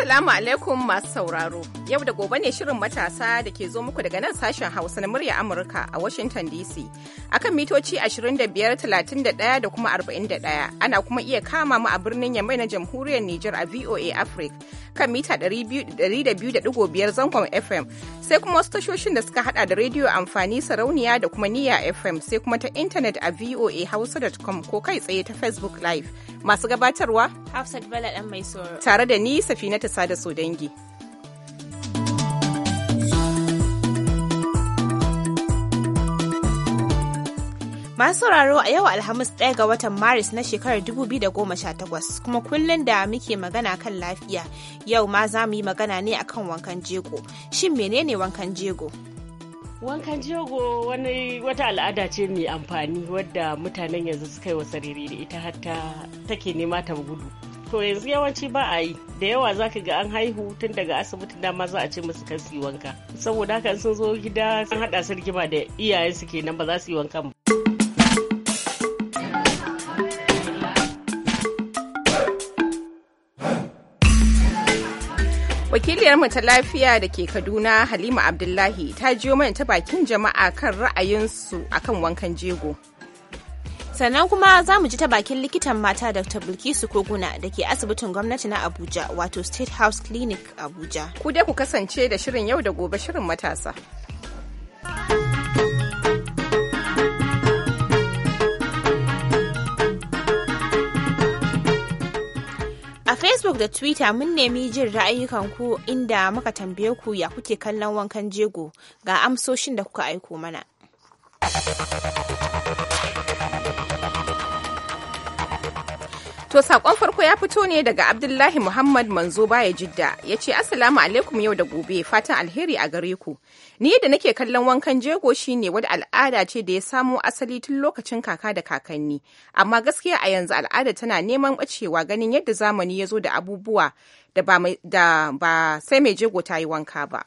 Assalamu alaikum masu sauraro. Yau da gobe ne shirin matasa da ke zo muku daga nan sashen Hausa na murya Amurka a Washington DC. Akan mitoci 25,31 da kuma 41. Ana kuma iya kama mu a birnin Yamai na Jamhuriyar Nijar a VOA Africa kan mita 200.5 zangon FM. Sai kuma wasu tashoshin da suka hada da rediyo amfani sarauniya da kuma niya FM sai kuma ta intanet a voahausa.com ko kai tsaye ta Facebook Live. Masu gabatarwa? Hafsat Bala dan mai Tare da ni Safinata ƙasa da su dangi. Masu sauraro a yau Alhamis ɗaya ga watan Maris na shekarar 2018 kuma kullum da muke magana kan lafiya yau ma za mu yi magana ne akan wankan jego. Shin menene wankan jego? wankan jego wani wata al'ada ce mai amfani wadda mutanen yanzu suka yi wa da ita hatta take nema ta gudu to yanzu yawanci ba a yi da yawa za ka ga an haihu tun daga asibiti dama za a ce musu kan su wanka saboda haka sun zo gida sun haɗa su da iyayen su kenan ba za su yi wanka ba. wakiliyar mu ta lafiya da ke kaduna halima abdullahi ta jiyo mana ta bakin jama'a kan ra'ayinsu akan wankan jego. sannan kuma za mu ji ta bakin likitan mata dr bilkisu koguna da ke asibitin gwamnati na abuja wato state house clinic abuja ku dai ku kasance da shirin yau da gobe shirin matasa A Facebook da Twitter mun nemi jin ra'ayyukanku inda muka tambaye ku ya kuke kallon wankan jego ga amsoshin da kuka aiko mana. To sakon farko ya fito ne daga Abdullahi Muhammad Manzo Baya Jidda ya ce Assalamu alaikum yau da gobe fatan alheri a gare ku. Ni da nake kallon wankan jego shine wata al'ada ce da ya samo asali tun lokacin kaka da kakanni. Amma gaskiya a yanzu al'ada tana neman bacewa ganin yadda zamani ya zo da abubuwa da ba, sai mai jego ta yi wanka ba.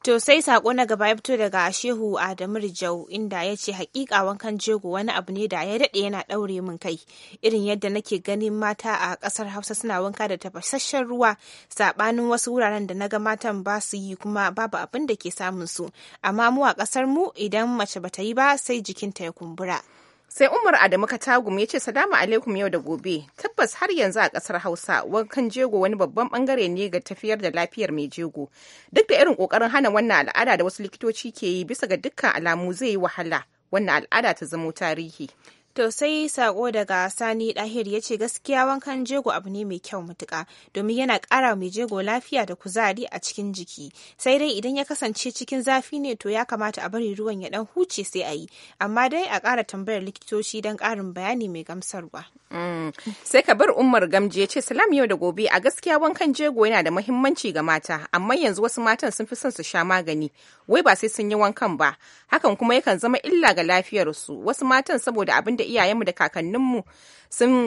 To sai sako na gaba ya fito daga Shehu Adamu Rijau inda ya ce hakika wankan jego wani abu ne da ya daɗe yana ɗaure min kai irin yadda nake ganin mata a ƙasar Hausa suna wanka da tafasasshen ruwa saɓanin wasu wuraren da naga matan ba su yi kuma babu abin da ke samun su amma mu a ƙasar mu idan mace bata yi ba sai jikinta ya kumbura. sai umar adamu katagum ya ce salamu alaikum yau da gobe tabbas har yanzu a kasar hausa wankan jego wani babban bangare ne ga tafiyar da lafiyar mai jego duk da irin kokarin hana wannan al'ada da wasu likitoci ke yi bisa ga dukkan alamu zai yi wahala wannan al'ada ta zamo tarihi To sai sako daga Sani Dahir ya ce gaskiya wankan jego abu ne mai kyau matuka domin yana ƙara mai jego lafiya da kuzari a cikin jiki. Sai dai idan ya kasance cikin zafi ne to ya kamata a bari ruwan ya dan huce sai a yi. Amma dai a ƙara tambayar likitoci don ƙarin bayani mai gamsarwa. Mm. Sai ka bar Umar Gamji ya ce salam yau da gobe a gaskiya wankan jego yana da muhimmanci ga mata amma yanzu wasu matan sun fi son su sha magani wai ba sai sun yi wankan ba hakan kuma yakan zama illa ga lafiyarsu wasu matan saboda abin da iyayenmu da kakanninmu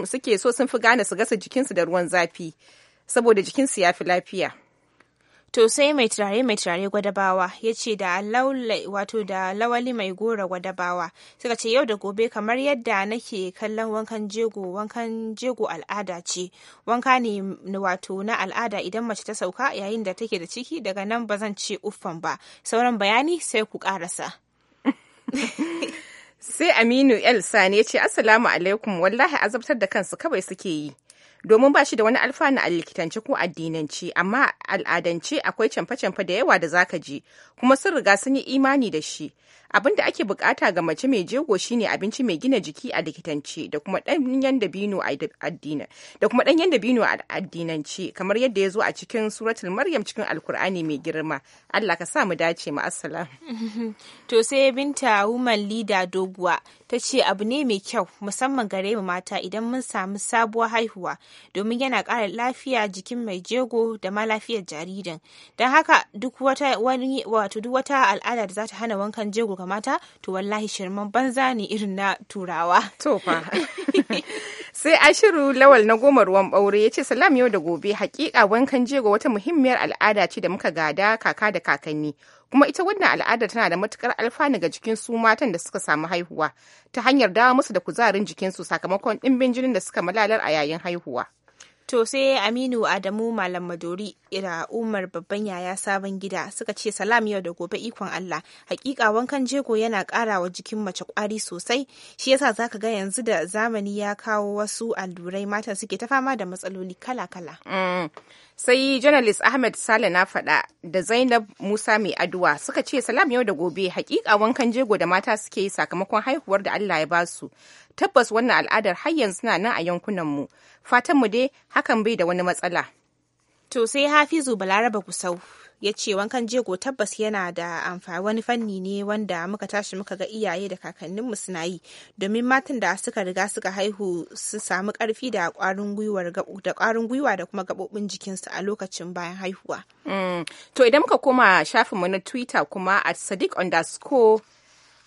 suke so sun fi gane su gasa jikinsu da ruwan zafi saboda jikinsu ya fi lafiya To sai mai turare mai turare gwadabawa ya ce da laulai wato da lawali mai gora gwadabawa suka ce yau da gobe kamar yadda nake kallon wankan jego wankan jego al'ada ce wanka ne wato na al'ada idan mace ta sauka yayin da take da ciki daga nan ba zan ce uffan ba sauran bayani sai ku karasa. sai aminu el sani ya ce assalamu alaikum wallahi azabtar da kansu kawai suke yi domin ba shi da wani alfanu a likitance ko addinance amma al'adance akwai canfa-canfa da yawa da zaka ji kuma sun riga sun yi imani da shi abin da ake bukata ga mace mai jego shine abinci mai gina jiki a likitance da kuma danyen dabino a addinin da kuma danyen dabino a addinance kamar yadda ya zo a cikin suratul maryam cikin alkur'ani mai girma allah ka sa mu dace mu assalam to sai binta woman leader doguwa ta ce abu ne mai kyau musamman gare mu mata idan mun samu sabuwar haihuwa domin yana ƙara lafiya jikin mai jego da ma lafiyar jaririn don haka duk wata wani wato duk wata al'ada da za ta hana wankan jego ga mata to wallahi shirman banza ne irin na turawa to fa sai ashiru lawal na goma ruwan ɓaure ya ce salam yau da gobe hakika wankan jego wata muhimmiyar al'ada ce da muka gada kaka da kakanni kuma ita wannan al'ada tana da matukar alfanu ga jikin su matan da suka samu haihuwa ta hanyar dawo musu da kuzarin jikinsu sakamakon ɗimbin jinin da suka malalar a yayin haihuwa To sai Aminu Adamu Malam Madori da Umar babban yaya sabon gida suka ce salam yau da gobe ikon Allah hakika wankan jego yana ƙara wa jikin mace ƙwari sosai shi yasa zaka ga yanzu da zamani ya kawo wasu allurai mata suke ta fama da matsaloli kala-kala. Mm. Sai janalis Ahmed Sale na faɗa da Zainab Musa mai aduwa suka ce salam yau da gobe hakika wankan jego da mata suke yi sakamakon haihuwar da Allah ya basu tabbas wannan al'adar har yanzu na nan a yankunanmu fatanmu dai hakan bai da wani matsala to sai hafizu balaraba kusau ya ce wankan jego tabbas yana da amfani wani fanni ne wanda muka tashi muka ga iyaye da kakanninmu suna yi domin matan da suka riga suka haihu su samu karfi da kwarin gwiwa da kuma gabobin jikinsu a lokacin bayan haihuwa mm. to idan muka koma shafinmu na twitter kuma at sadiq underscore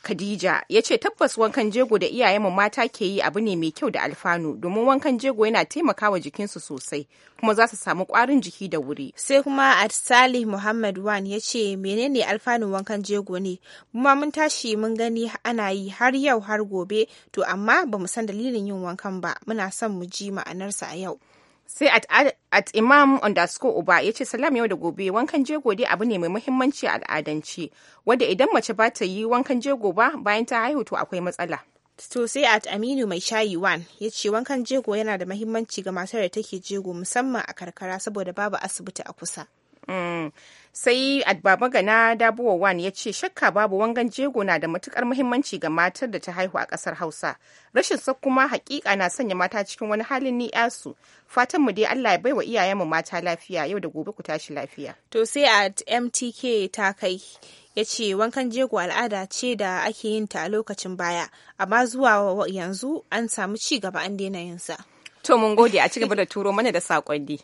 Khadija ya ce tabbas wankan jego da iyayenmu mata ke yi abu ne mai kyau da alfanu domin wankan jego yana taimakawa jikinsu sosai kuma za su samu kwarin jiki da wuri. Sai kuma at Salih Muhammad Wan ya ce menene alfanu wankan jego ne kuma mun tashi mun gani ana yi har yau har gobe to amma ba mu san dalilin yin wankan ba muna son mu ji ma'anarsa a yau. sai at imam underscore uba ya ce salam yau da gobe wankan jego dai abu ne mai muhimmanci a al'adance wanda idan mace ba ta yi wankan jego ba bayan ta haihu to akwai matsala to sai at aminu mai shayi wan ya ce wankan jego yana da muhimmanci ga matar da take jego musamman a karkara saboda babu asibiti a kusa mm. sai baba gana dabuwa ya ce shakka babu wangan jego na da matukar muhimmanci ga matar da ta haihu a kasar hausa rashin sa kuma hakika na sanya mata cikin wani halin ni su fatan mu dai allah ya baiwa iyayenmu mata lafiya yau da gobe ku tashi lafiya to sai a mtk ta kai ya ce wankan jego al'ada ce da ake yin ta a lokacin baya amma zuwa yanzu an samu ci gaba an daina yin sa to mun gode a ci gaba da turo mana da saƙonni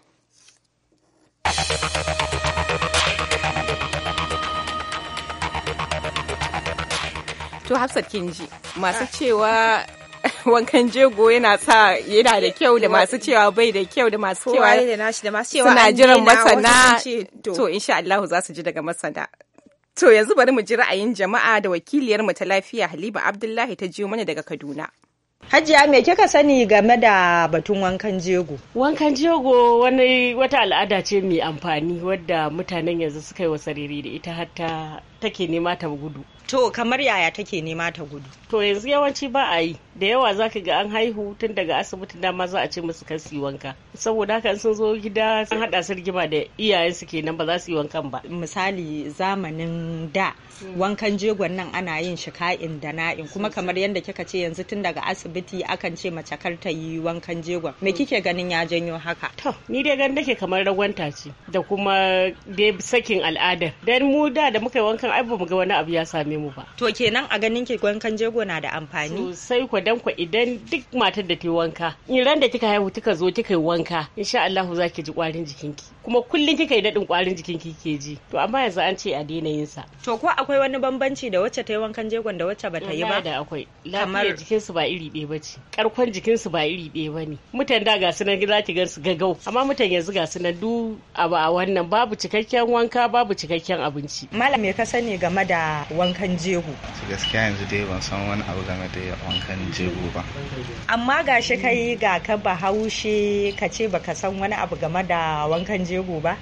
to hafsat kin masu cewa wankan jego yana sa yana da kyau da masu cewa bai da kyau da masu cewa suna jiran masana to insha Allah za su ji daga masana to yanzu bari mu ji ra'ayin jama'a da wakiliyar mu ta lafiya Halima Abdullahi ta jiyo mana daga Kaduna Hajiya me kika sani game da batun wankan jego? Wankan jego wani wata al'ada ce mai amfani wadda mutanen yanzu suka yi wasariri da ita har take nema ta gudu. To kamar yaya take nema ta gudu? To yanzu yawanci ba a yi da yawa zaki ga an haihu tun daga asibitin ma za a ce musu kan su wanka saboda haka sun zo gida sun hada sirgima rigima da iyayen su kenan ba za su yi wankan ba. Misali zamanin da wankan jegon nan ana yin shi ka'in da na'in kuma kamar yadda kika ce yanzu tun daga asibiti akan ce mace kar ta yi wankan jegon me kike ganin ya janyo haka? To ni dai gan nake kamar ragwanta ce da kuma dai sakin al'ada dan mu da da muka yi wankan ai ba mu ga wani abu ya same same mu ba to kenan a ganin ki wankan jego na da amfani sosai ku dan ku idan duk matar da ta wanka in ran da kika haihu kika zo kika yi wanka insha Allah za ki ji kwarin jikinki kuma kullum kika yi daɗin ƙwarin jikin kike ji to amma yanzu an ce a daina yin sa to ko akwai wani bambanci da wacce ta yi wankan jegon da wacce bata yi ba da akwai kamar jikin su ba iri ɗaya bace karkon jikin su ba iri ɗaya bane mutan da ga su nan za ki gansu gagau amma mutan yanzu ga su nan du abu a wannan babu cikakken wanka babu cikakken abinci malam me ka sani game da wankan jego gaskiya yanzu dai ban san wani abu game da wankan jego ba amma gashi kai ga ka bahaushe ka ce baka san wani abu game da wankan jego je gobe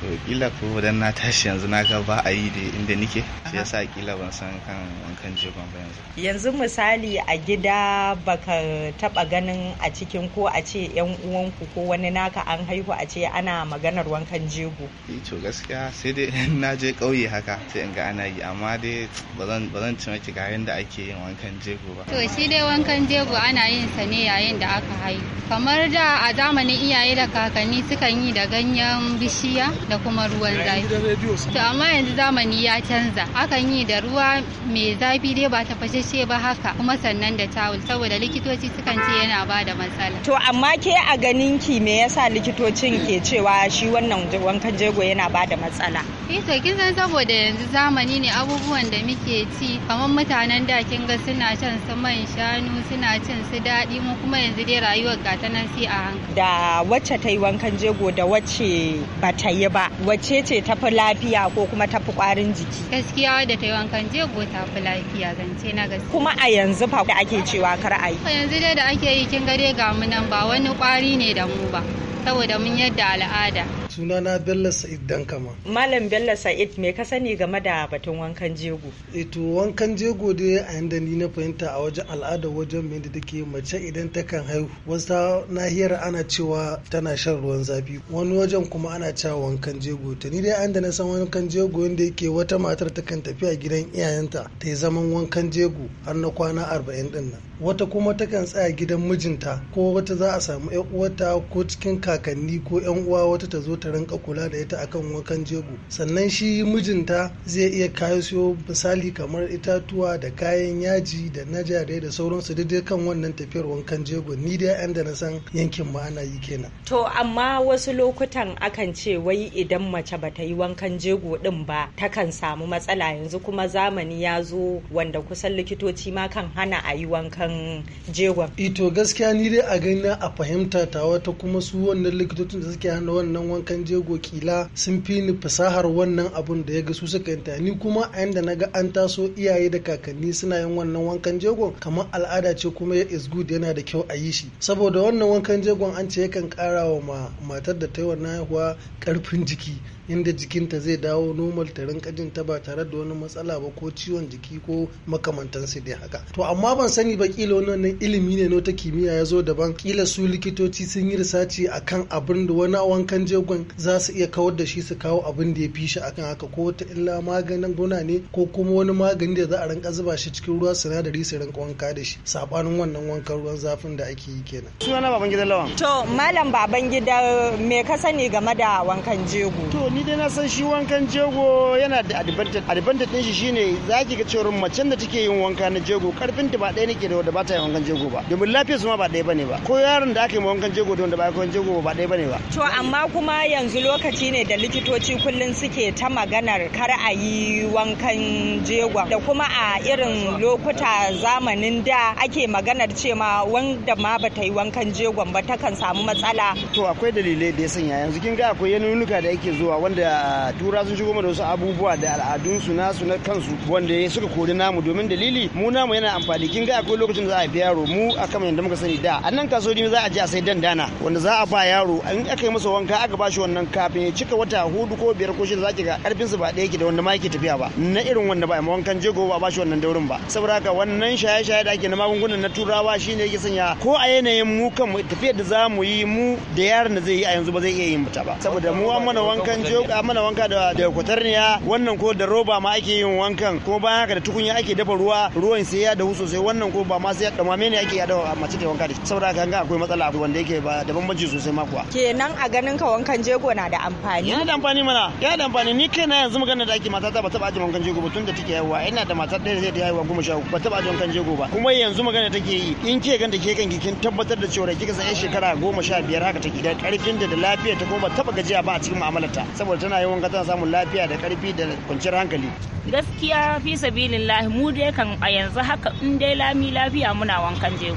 to kila ko dan na tashi yanzu na ga ba a yi da inda nike shi yasa kila ban san kan wankan jigon ba yanzu yanzu misali a gida baka taba ganin a cikin ko a ce yan uwanku ko wani naka an haihu a ce ana maganar wankan jego eh to gaskiya sai dai na je kauye haka sai in ga ana yi amma dai ba zan ci maki ga yanda ake yin wankan jego ba to shi dai wankan jego ana yin sa ne yayin da aka haihu kamar da a zamanin iyaye da kakanni sukan yi da ganyen ruwan bishiya da kuma ruwan zafi. To amma yanzu zamani ya canza. Akan yi da ruwa mai zafi dai ba ta fashe ba haka kuma sannan da tawul saboda likitoci sukan ce yana ba da matsala. To amma ke a ganin ki me yasa likitocin ke cewa shi wannan wankan jego yana ba da matsala? Eh to kin san saboda yanzu zamani ne abubuwan da muke ci kamar mutanen da kin ga suna shan su man shanu suna cin su daɗi mu kuma yanzu dai rayuwar gata nan sai a hankali da wacce ta yi wankan jego da wacce ba ta yi ba wacce ce ta fi lafiya ko kuma ta fi ƙwarin jiki gaskiya da ta yi wankan jego ta fi lafiya zance na gaskiya kuma a yanzu fa da ake cewa kar a yi yanzu dai da ake yi kin ga dai ga mu nan ba wani ƙwari ne da mu ba saboda mun yadda al'ada sunana bello sa'id dankama malam bello sa'id me ka sani game da batun wankan jego eto eh wankan jego dai a yanda ni na fahimta a wajen al'ada wajen mai da take mace idan ta kan haihu wasu nahiyar ana cewa tana shan ruwan zafi wani wajen kuma ana cewa wankan jego ta ni dai an da na san wankan jego wanda yake wata matar ta kan tafi a gidan iyayenta ta yi zaman wankan jego har na kwana arba'in din nan wata kuma ta kan tsaya gidan mijinta ko wata za a samu 'yan uwata ko cikin kakanni ko yan uwa wata ta zo ta rinka kula da ita akan wakan jego sannan shi mijinta zai iya kayo siyo misali kamar itatuwa da kayan yaji da na da sauransu daidai kan wannan tafiyar wankan jego ni dai yan da na san yankin ma ana yi kenan to amma wasu lokutan akan ce wai idan mace ba ta yi wankan jego din ba takan samu matsala yanzu kuma zamani ya zo wanda kusan likitoci ma kan hana a yi wankan jego ito gaskiya ni dai a gani a fahimta ta wata kuma su waɗannan likitocin da suke hana wannan wankan jego kila sun fi ni fasahar wannan abun da ya ga su suka yanta ni kuma a yanda na ga an taso iyaye da kakanni suna yin wannan wankan jego kamar al'ada ce kuma ya is good yana da kyau a yi shi saboda wannan wankan jegon an ce yakan kara wa matar da ta yi wannan haihuwa karfin jiki inda jikinta zai dawo normal ta rinka jin ta ba tare da wani matsala ba ko ciwon jiki ko makamantansu dai haka to amma ban sani ba kila wannan ilimi ne na ta kimiyya ya zo daban kila su likitoci sun yi risaci akan abin da wani wankan jegon za su iya kawar da shi su kawo abin da ya fi shi akan haka ko wata illa maganin guna ne ko kuma wani magani da za a rinka zuba shi cikin ruwa sinadari su rinka wanka da shi sabanin wannan wankan ruwan zafin da ake yi kenan suna baban gidan lawan to malam baban gida me ka sani game da wankan jego ni dai na san shi wankan jego yana da advantage advantage din shi shine zaki ga cewa macen da take yin wanka na jego karfin ta ba ɗaya nake da wanda ba ta yin wankan jego ba domin lafiya su ma ba ɗaya bane ba ko yaron da aka yi wankan jego da wanda ba wankan jego ba ɗaya bane ba to amma kuma yanzu lokaci ne da likitoci kullun suke ta maganar kar a yi wankan jego da kuma a irin lokuta zamanin da ake maganar cewa wanda ma ba ta yi wankan jegon ba takan samu matsala to akwai dalilai da ya sanya yanzu kin ga akwai yanunuka da yake zuwa wanda tura sun shigo mana wasu abubuwa da al'adunsu nasu na kansu wanda ya suka kori namu domin dalili mu namu yana amfani kin ga akwai lokacin da za a biya yaro mu akan yadda muka sani da a nan kasuwanni za a je a sai dandana wanda za a ba yaro in aka yi masa wanka aka ba shi wannan kafin ya cika wata hudu ko biyar ko shida zaki ga karfin su ba ɗaya yake da wanda ma yake tafiya ba na irin wanda ba ma wankan jego ba ba shi wannan daurin ba saboda haka wannan shaye-shaye da ake na magungunan na turawa shine yake sanya ko a yanayin mu kan tafiyar da za mu yi mu da yaron da zai yi a yanzu ba zai iya yin ta ba saboda mu an mana wankan je a mana wanka da da kwatarniya wannan ko da roba ma ake yin wankan ko bayan haka da tukunya ake dafa ruwa ruwan sai ya dahu sosai wannan ko ba ma sai ya dama ne ake ya a mace ke wanka da shi saboda haka akwai matsala wanda yake ba da bambanci sosai ma kuwa kenan a ganin ka wankan jego na da amfani yana da amfani mana yana da amfani ni kaina yanzu magana da ake mata ta ba taba ajin wankan jego ba tun da take yawa ina da mata da zai ta yawa goma sha ba taba ajin wankan jego ba kuma yanzu magana take yi in ke ganta ke kan kin tabbatar da cewa kika san yan shekara goma sha biyar haka take da karfin da da lafiya ta kuma ba taba gajiya ba a cikin mu'amalarta saboda tana yawan tana samun lafiya da karfi da kwanciyar hankali gaskiya fi lahi mu dai kan a yanzu haka in dai lami lafiya muna wankan je.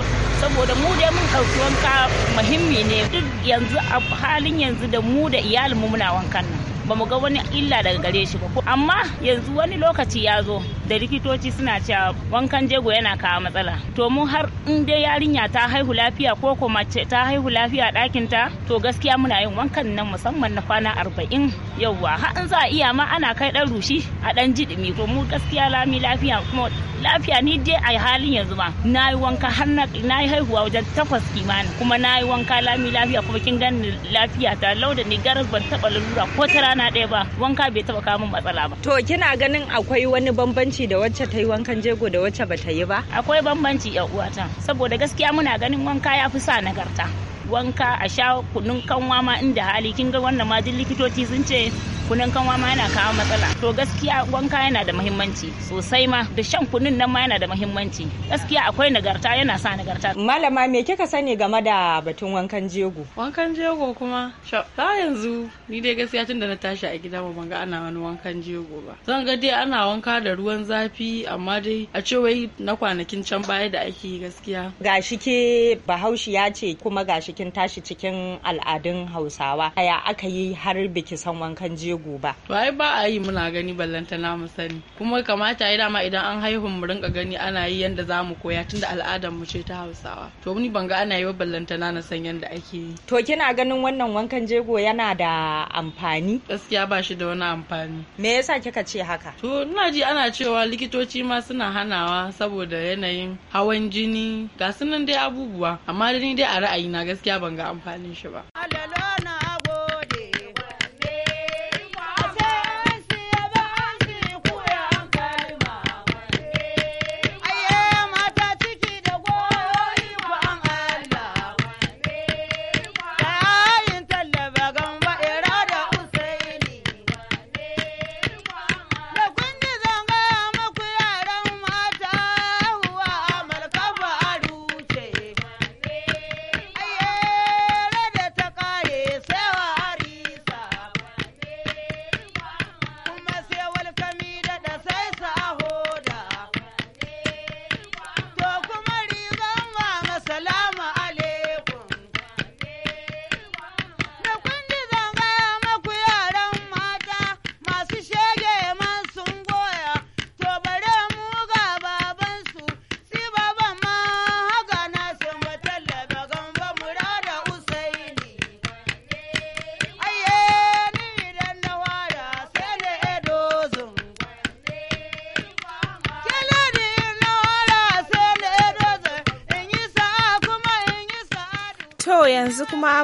saboda mu dai mun ɗauki wanka muhimmi ne duk yanzu a halin yanzu da mu da iyalinmu muna wankan nan ba mu ga wani illa daga gare shi ba amma yanzu wani lokaci ya zo da likitoci suna cewa wankan jego yana kawo matsala to mu har in dai yarinya ta haihu lafiya ko ko mace ta haihu lafiya ɗakin ta to gaskiya muna yin wankan nan musamman na kwana arba'in yauwa har in za a iya ma ana kai ɗan rushi a ɗan jiɗimi to mu gaskiya lami lafiya kuma lafiya ni dai a halin yanzu ma na yi wanka har na yi haihuwa wajen takwas kimanin kuma na yi wanka lami lafiya kuma kin gani lafiya ta lauda ni garas ban taɓa lalura ko tara rana ɗaya ba wanka bai taɓa kawo min matsala ba. To kina ganin akwai wani bambanci da wacce ta yi wankan jego da wacce bata yi ba? Akwai bambanci ya uwata saboda gaskiya muna ganin wanka ya fi sa nagarta. Wanka a sha kunun kanwa ma inda hali kin ga wannan ma duk likitoci sun ce kunun kanwa ma yana kawo matsala to gaskiya wanka yana da muhimmanci sosai ma da shan kunun nan ma yana da muhimmanci gaskiya akwai nagarta yana sa nagarta malama me kika sani game da batun wankan jego wankan jego kuma sha yanzu ni dai gaskiya tun da na tashi a gida ban ga ana wani wankan jego ba zan ga dai ana wanka da ruwan zafi amma dai a ce wai na kwanakin can baya da ake gaskiya gashi ke bahaushiya ce kuma gashi kin tashi cikin al'adun hausawa aya aka yi har biki san wankan jego gobe. To ai ba a yi muna gani ballanta na mu sani. Kuma kamata ya dama idan an haihu mu rinka gani ana yi yanda za mu koya tunda al'adar mu ce ta Hausawa. To ni ban ga ana yi wa ballanta na san yanda ake yi. To kina ganin wannan wankan jego yana da amfani? Gaskiya ba shi da wani amfani. Me yasa kika ce haka? To ina ji ana cewa likitoci ma suna hanawa saboda yanayin hawan jini ga sunan dai abubuwa amma ni dai a ra'ayina gaskiya ban ga amfanin shi ba.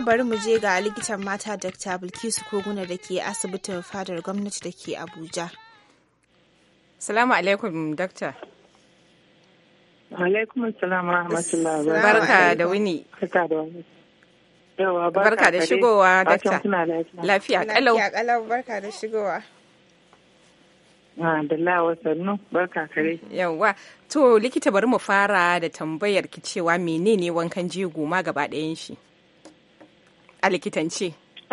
bari mu je ga likitan mata Dr. Bilkisu Koguna da ke asibitin fadar gwamnati da ke Abuja. Salamu alaikum, Dr. Alaikum salamu rahmatullah. Barka da wuni. Barka da shigowa, Dr. Lafiya kalau. Lafiya kalau, barka da shigowa. Adalla sannu barka kare. Yawwa, to likita bari mu fara da tambayar ki cewa menene wankan jego ma gaba ɗayan shi? a likitance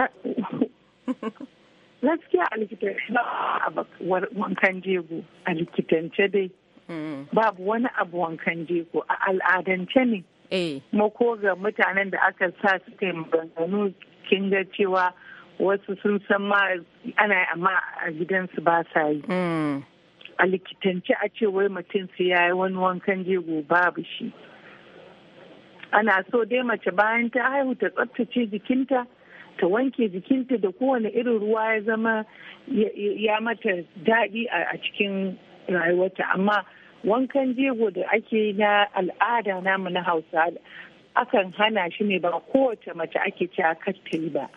gaskiya a likitance ba wankan jego a likitance dai hmm. babu wani abu wankan jego a al'adance ne eh. Mako ko ga mutanen da aka sa su kai maganganu kin ga cewa wasu sun san ma ana amma a gidansu ba sa yi hmm. a likitance a ce wai mutum su yayi wani wankan jego babu shi ana so dai mace bayan ta haihu ta tsabtace jikinta ta wanke jikinta da kowane irin ruwa ya zama ya mata daɗi a cikin rayuwarta amma wankan jego da ake na al'ada namu na hausa akan hana shi ne ba kowace mace ake ce a yi ba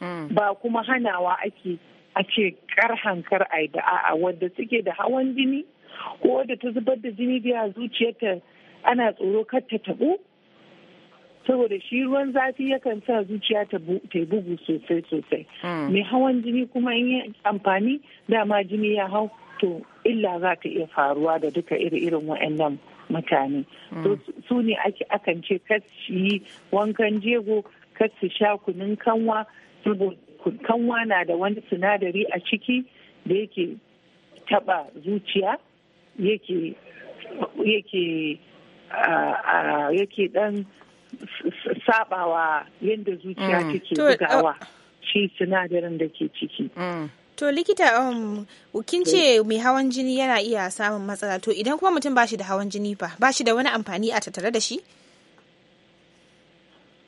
hmm. ba kuma hanawa ake a ce karhankar a da a'a wadda suke da hawan jini ko wadda ta zubar da jini biya zuciyarta ana tsoro kar ta taɓo saboda shi ruwan zafi yakan sa zuciya ta bugu sosai sosai hmm. mai hawan jini kuma in yi amfani dama jini ya hau to illa za ta iya faruwa da duka iri-irin waɗannan mutane hmm. su ne akan ce kashi yi wankan jego kashi su sha kunun kanwa saboda kanwa na da wani sinadari a ciki da yake taba zuciya yake yake dan sabawa yadda zuciya mm. take bugawa uh, shi sinadarin da ke ciki. Mm. To likita um, ce mai hawan jini yana iya samun matsala to idan kuma mutum ba shi da hawan jini ba ba shi da wani amfani a tattare da shi?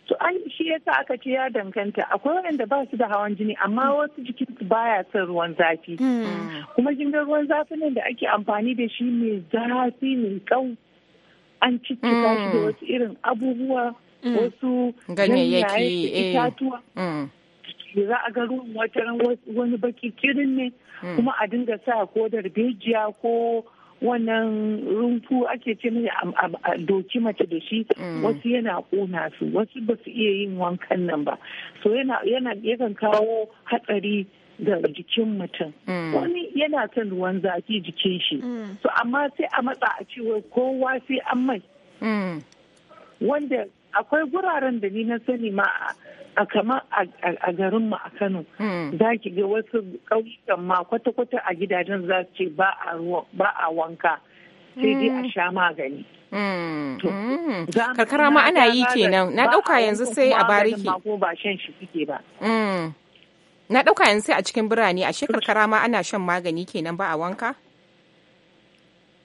To ai shi yasa aka ce ya danganta akwai wanda ba su da hawan jini amma mm. wasu jikin su baya son ruwan zafi. Kuma kin ruwan zafi nan da ake amfani da shi mai zafi mai kau an cikin da wasu irin abubuwa Mm. wasu ganyayyaki eh. itatuwa mm. za a ga ruwan wataran wani baki kirin ne mm. kuma a dinga sa ko darbejiya ko wannan rumfu ake ce mai doki mace da shi wasu yana kona su wasu ba su iya yin wankan nan ba so yana yakan kawo hatsari ga jikin mutum wani yana son ruwan zafi jikin shi so amma sai a matsa a cewa kowa sai an mai wanda akwai guraren da ni na sani ma a kama a garin mu a Kano hmm. za ki ga wasu ƙauyukan ma kwata-kwata a gidajen za su ce ba a wanka sai dai a hmm. sha magani. Hmm. Karkara ma ana yi kenan na ɗauka yanzu sai a bariki. ba shan shi suke ba. Na ɗauka yanzu sai a cikin birane a karkara ma ana shan magani kenan ba a wanka?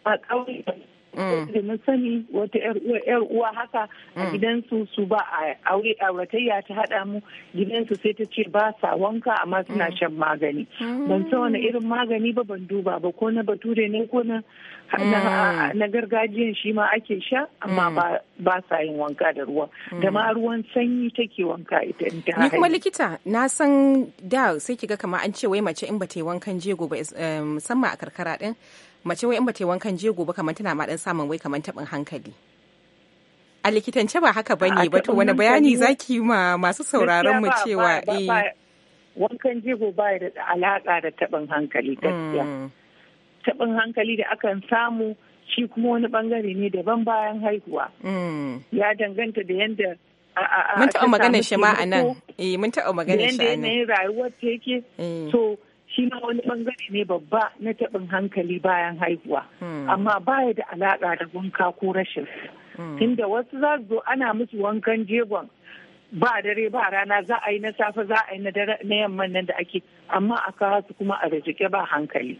A ƙauyukan Mm. da na sani wata yar uwa haka a mm. gidansu su ba a aure auratayya ta haɗa mu gidansu sai ta ce ba sa wanka amma suna mm. shan magani ban san wani irin magani ba ban duba ba ko na bature ne ko na na gargajiyan shi ma ake sha amma ba sa yin wanka da ruwa da ma ruwan sanyi take wanka ita ta ni kuma likita na san da sai kiga kamar an ce wai mace in ba ta yi wankan jego ba eh, musamman a karkara din mace wai in ba ta wankan jego ba kamar tana ma dan samun wai kamar tabin hankali a likitance ba haka bane ba to wani bayani zaki ma masu sauraron mu cewa eh wankan jego ba da alaka da tabin hankali gaskiya mm. tabin hankali da akan samu shi kuma wani bangare ne daban bayan haihuwa mm. ya danganta da yadda mun taɓa maganar shi ma a nan eh mun taɓa maganar shi a nan yadda rayuwar ta yake so eh. shi ma wani bangare ne babba na taɓin hankali bayan haihuwa hmm. amma baya da alaƙa da wanka ko rashin hmm. tunda wasu za su zo ana musu wankan jegon ba dare ba rana za a yi na safe za a yi na yamman nan da ake amma a kawo su kuma a rajike ba hankali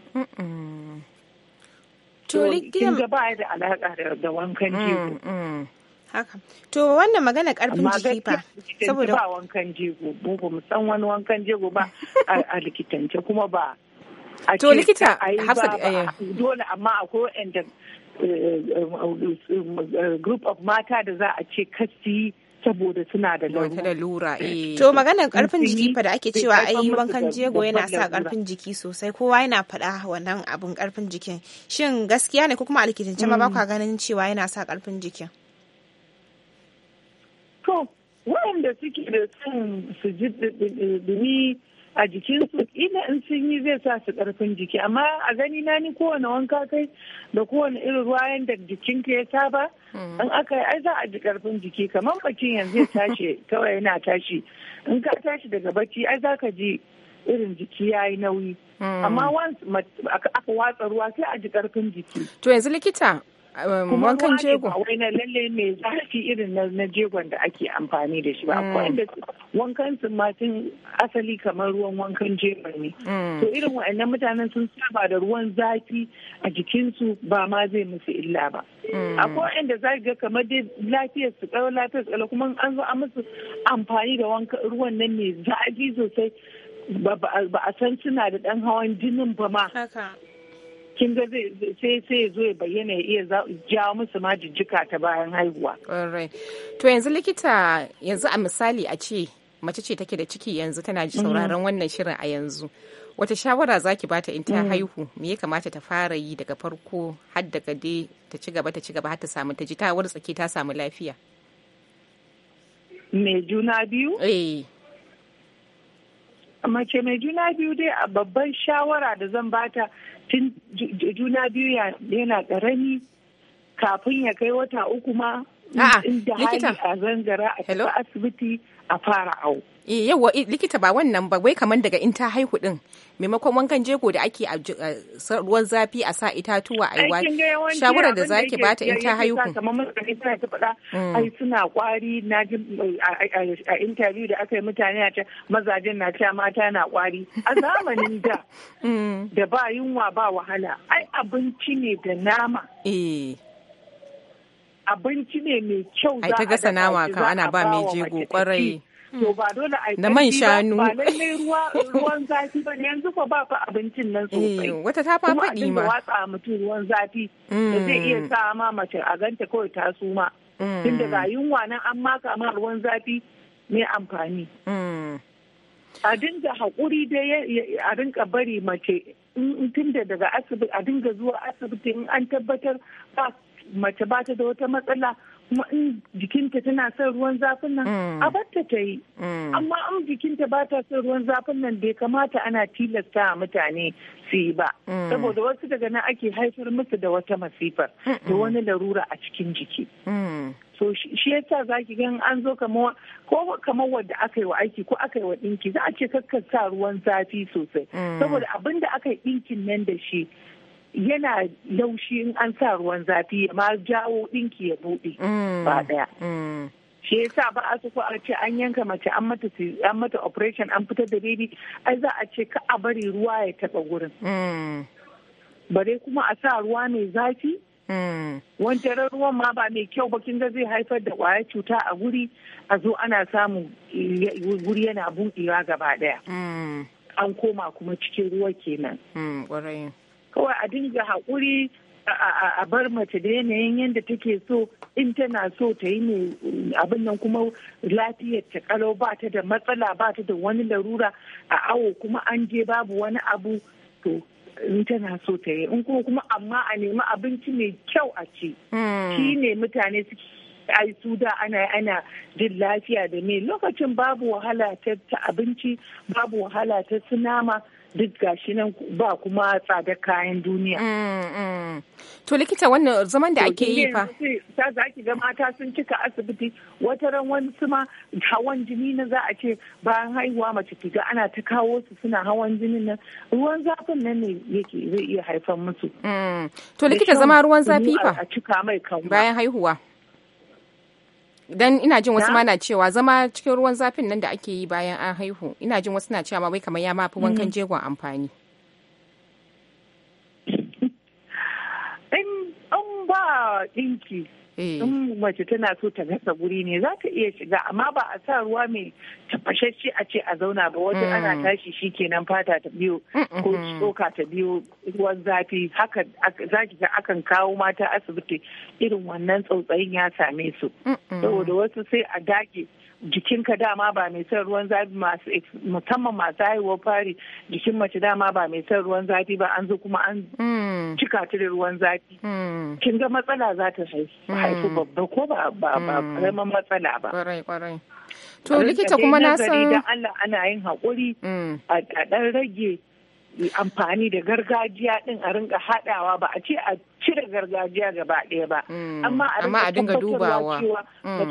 to kin ga baya da alaƙa da wankan mm, jegon mm. haka to wannan magana karfin jiki fa saboda ba wankan jego mu ba mu san wani wankan jego ba a likitance kuma ba to likita hafsa eh. dole amma akwai wanda eh, eh, group of mata da za a ce kasi saboda suna da lura. To maganar karfin jiki fa da ake cewa ai wankan jego yana sa karfin jiki sosai kowa yana faɗa wannan abun karfin jikin. Shin gaskiya ne ko kuma a likitance ma ba mm. ka ganin cewa yana sa karfin jikin? To, waɗanda suke da sun su ji dumi a jikinsu ina in sun yi zai sa su ƙarfin jiki amma a gani na ni kowane wanka kai da kowane irin ruwa yadda jikinka ya saba hmm. in aka yi ai za a ji ƙarfin jiki kamar bakin yanzu ya tashi kawai yana tashi in ka tashi daga bacci ai za ka ji irin jiki ya yi nauyi hmm. amma aka watsa ruwa sai a ji ƙarfin jiki to yanzu likita wankan jego ba wai na lalle mai zafi irin na jegon da ake amfani da shi ba mm. akwai wankan su matin asali kamar ruwan wankan jego ne mm. to irin wa'annan mutanen sun saba da ruwan zafi a jikinsu ba ma zai musu illa ba mm. akwai da za ga kamar dai lafiyar su kalau lafiyar su kuma an zo an musu amfani da ruwan nan mai zafi sosai ba a san suna da ɗan hawan jinin ba ma kin ga sai sai zo ya bayyana ya iya ja musu ma jijjika ta bayan haihuwa. To yanzu likita yanzu a misali a ce mace ce take da ciki yanzu tana mhm. sauraron wannan shirin a yanzu. Wata shawara za ki bata in ta mhm. haihu me ya kamata ta fara yi daga farko har daga dai ta ci gaba ta ci gaba har ta samu ta ji ta tsaki ta samu lafiya. Mai juna biyu? Eh. mace mai juna biyu dai a babban shawara da zan bata tun juna biyu yana karami kafin ya kai wata uku ma inda hali a zangara a asibiti a fara au. Eh, Yau yawa eh, likita ba wannan ba wai kamar daga in ta haihu din maimakon wankan jego da ake a ruwan zafi a sa itatuwa a yiwa eh, shawarar da zaki bata in ta haihu kamar mutane suna ta faɗa mm. ai suna kwari na ji a interview da aka yi mutane a ta mazajen na ta mata na kwari a zamanin da mm. da ba yunwa ba wahala ai abinci ne da nama abinci ne mai kyau za a ta gasa nama kan ana ba mai jego kwarai to ba dole a da man shanu ba lallai ruwa ruwan zafi ba yanzu ko ba ku abincin nan eh, sosai wata ta fa faɗi ma kuma watsa mutum ruwan zafi da mm. zai iya sa ma mace a ganta kawai ta suma mm. da ga yunwa nan an maka ma ruwan zafi mai amfani mm. a dinga haƙuri dai a dinga bari mace tun da daga asibiti a dinga zuwa asibiti in an tabbatar ba mace ba ta da wata matsala kuma in jikinta tana son ruwan zafin nan mm. a batta ta yi mm. amma in jikinta ba ta son ruwan zafin nan bai kamata ana tilasta mutane su yi ba mm. saboda wasu daga nan ake haifar musu da wata masifar da wani larura a cikin jiki so shi ya sa za ki gan an zo kamar wadda aka yi wa aiki ko aka yi wa ɗinki za a ce kakka sa ruwan zafi sosai saboda abin da aka yi ɗinkin nan da shi yana laushi in an sa ruwan zafi ya ma jawo dinki ya buɗe mm. ba daya mm. Shi yasa ba a suku a ce an yanka mace an mata an mata operation an fitar da baby ai za a ce ka a bari ruwa ya taɓa wurin. Mm. Bare kuma a sa ruwa mai zafi wancan ruwan ma ba mai kyau ba kin ga zai haifar da kwaya cuta a guri a zo ana samun guri yana buɗewa gaba daya. An koma kuma cikin ruwa kenan. kawai a dinga haƙuri a bar mace da yanayin yadda take so in tana so ta yi ne abin nan kuma lafiyar ta kalau ba ta da matsala ba ta da wani larura a awo kuma an je babu wani abu to in tana so ta yi in kuma kuma amma a nemi abinci mai kyau a ce hmm. shi ne mutane suke ai su da ana ana jin lafiya da me lokacin babu wahala ta abinci babu wahala ta sinama. duk gashi nan ba kuma tsada kayan duniya. Mm, mm. To likita wannan zaman da ake yi fa. Ta za ki ga mata sun cika asibiti wata ran wani suma hawan jini na za a ce bayan haihuwa mace ki ga ana ta kawo su suna hawan jini nan ruwan zafin nan ne yake zai iya haifar musu. Mm. To likita zama ruwan zafi fa. A cika mai kan bayan haihuwa. dan ina jin wasu ma na cewa zama cikin ruwan zafin nan da ake yi bayan an haihu ina jin wasu na cewa ma wai kamar ya mafi wankan mm. jegon amfani in ba dinki Eh. in mace tana so ta gasa guri ne za ta iya shiga amma ba a sa ruwa mai tafashashe a ce a zauna ba wajen mm. ana tashi shi kenan fata ta biyo ko tsoka ta biyo ruwan zafi haka za ki ga akan kawo mata asibiti irin wannan tsautsayin ya same su saboda wasu sai a dage jikinka dama ba mai son ruwan zafi musamman masu haihuwar fari jikin mace dama ba mai son ruwan zafi ba an zo kuma an hmm. cika ta da ruwan zafi hmm. kin ga matsala za ta haifu hmm. babba ko ba ba matsala ba to likita kuma na san Allah ana yin hakuri a ɗan rage amfani da gargajiya din a rinka haɗawa ba a ce a cire gargajiya gaba ɗaya ba mm. amma a dinga dubawa cewa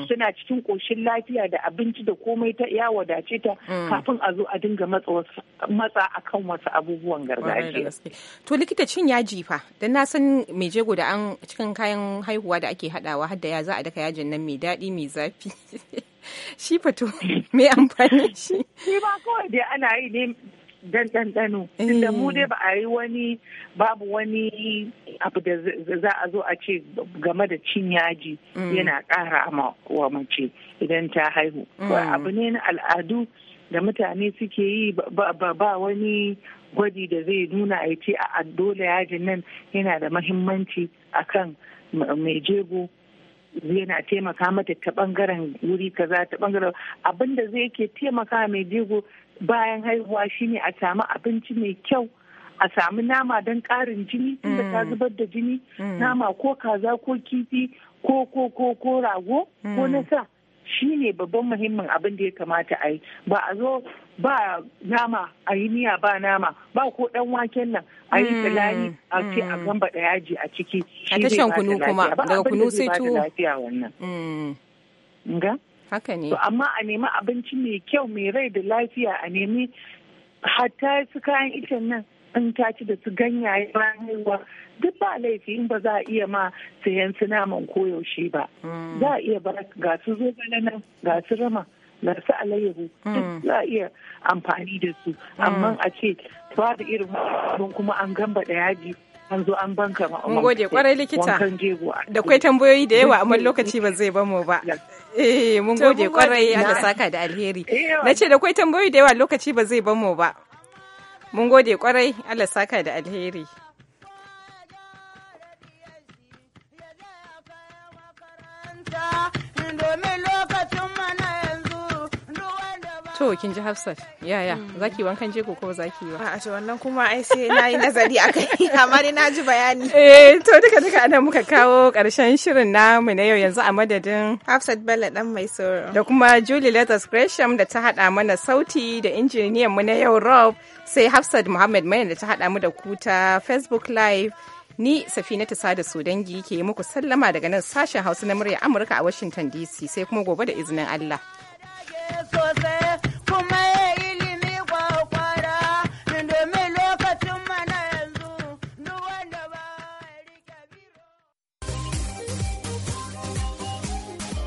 suna mm. cikin koshin lafiya da abinci da komai ta ya wadace ta mm. kafin a zo a dinga matsa akan wasu abubuwan gargajiya to likita cin ya jifa dan na san mai jego da an cikin kayan haihuwa da ake haɗawa har ya za a daka yajin nan mai daɗi mai zafi shi fato mai amfani shi. Shi ba kawai dai ana yi ne dan ɗanɗano. Tunda mu eh. dai ba a yi wani babu wani abu da za a zo a ce game da cin yaji mm. yana ƙara wa mace idan ta haihu. Mm. Abu ne na al'adu da mutane suke yi ba wani gwaji da zai nuna a ce a dole yajin nan yana da mahimmanci akan mai jego yana taimaka mata ta bangaren wuri kaza ta bangaren abinda zai ke taimaka mai jego bayan haihuwa shine a samu abinci mai kyau a samu nama don ƙarin jini tunda ta mm. zubar da jini mm. nama ko kaza ko kifi ko ko ko ko rago ko mm. nasa sa shine babban muhimmin abin da ya kamata a yi ba a zo ba nama a yi miya ba nama ba ko dan waken nan a yi tilani a ce a gamba da yaji a ciki shi zai ba ta lafiya ba abin da zai ba ta lafiya wannan. Nga? haka ne amma a nemi abinci mai kyau mai rai da lafiya a nemi hatta su kayan icen nan in ta da su ganyaye bayan haihuwa duk ba laifi in ba za a iya ma sayan su naman koyaushe ba mm. za a iya ba ga su zogale nan ga su rama ga su alayyahu duk mm. za a iya amfani da su amma mm. a ce da irin abin kuma an gamba da yaji an zo an banka ma mun gode kwarai likita da kwai tambayoyi da yawa amma lokaci ba zai bamu ba eh mun gode kwarai Allah saka da alheri eh, nace da kwai tambayoyi da yawa lokaci ba zai bamu ba mun gode kwarai Allah saka da alheri domin To kin ji Hafsat. ya hmm. za ki wankan jego ko za ki ba? A to wannan kuma ai sai na yi nazari a kai amma dai na ji bayani. Eh to duka duka anan muka kawo karshen shirin namu na yau yanzu a madadin Hafsat Bello dan mai sauro. Da kuma Julie Letters Gresham da ta hada mana sauti da injiniyan mu na yau Rob sai Hafsat Muhammad mai da ta hada mu da ku ta Facebook Live. Ni Safina Sada Sodangi ke muku sallama daga nan sashen Hausa na murya Amurka a Washington DC sai kuma gobe da izinin Allah. sosai come comer.